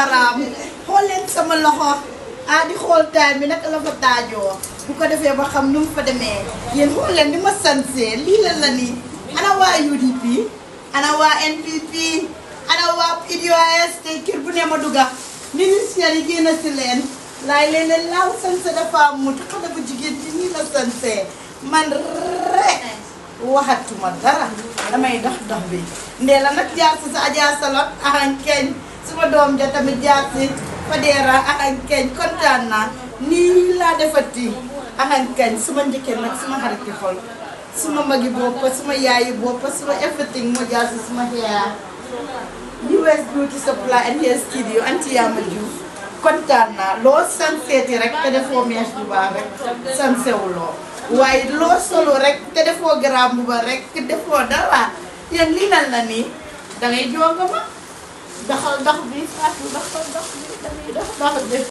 baaraam holen sa sama loxo ah di whole time bi naka la fa daajoo bu ko defee ba xam nu mu di masanse, lila lii la UDP ana wa NPP ana wa PDOIS tey kër bu maduga. ma dugga ministère yi génn si leen laay leen leen laaw sanse dafa mut xale bu jigit, ci nila sanse. man re. Wahat tumadara. damay dox dox bi ndee sa ajaa salot ahang kenya. suma doom ja tamit jaar si Fadera axañ keñ kontaan naa nii laa defati axañ keñ suma njëkkee nag suma xariti xol suma magi boppa suma yaayi boppa suma everything moo jaar si suma hair US Beauty Supply and Hair Studio anti Yama Diouf kontaan naa loo sanseeti rek te defoo mees bu baax rek sansewuloo waaye loo solo rek te defoo garaam bu ba rek te defoo dara yan lii lan la nii da ngay jonga dag, dag, dag, dag, dag, dag, dag, dag, dag, dag, dag,